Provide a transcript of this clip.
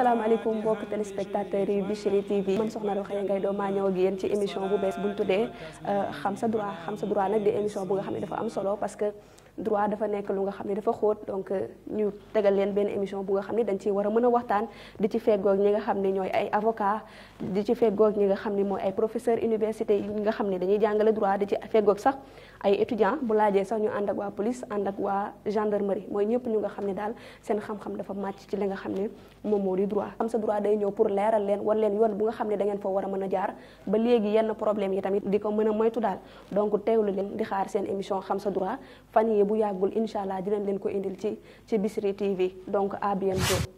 asalaamaaleykum mbokk téléspectateurs yi Bichri TV man soxna Rokhaya Ngaye Ndo maa ñëw ak yéen ci émission bu bees bu ñu tuddee euh, xam sa droit xam sa droit nag di émission bu nga xam ne dafa am solo parce que droit dafa nekk lu nga xam ne dafa xóot donc euh, ñu tegal leen benn émission bu nga xam ne dañ ci war a mën a waxtaan di ci feggoog ñi nga xam ne ñooy ay avocat di ci feggoog ñi nga xam ne mooy ay professeur université yi nga xam ne dañuy jàngale droit di ci feggoog sax ay étudiants bu laajee sax ñu ànd ak waa police ànd ak waa gendarmerie mooy ñëpp ñu nga xam ne daal seen xam-xam dafa màcc ci li nga xam ne moom moo di droit xam sa droit day ñëw pour leeral leen war leen yoon bu nga xam ne da ngeen fa a mën a jaar ba léegi yenn problème yi tamit di ko mën a moytu daal donc teewlu leen di xaar seen émission xam sa droit fan yi bu yàggul incha allah dinañ leen ko indil ci ci Bichri TV donc à bientôt